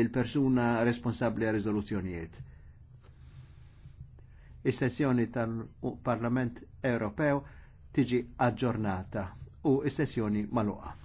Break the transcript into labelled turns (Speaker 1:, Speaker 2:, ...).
Speaker 1: l persuna responsabli għal riżoluzzjonijiet. Is-sessjoni tal-Parlament Ewropew tiġi aġġornata u
Speaker 2: is-sessjoni maluqa.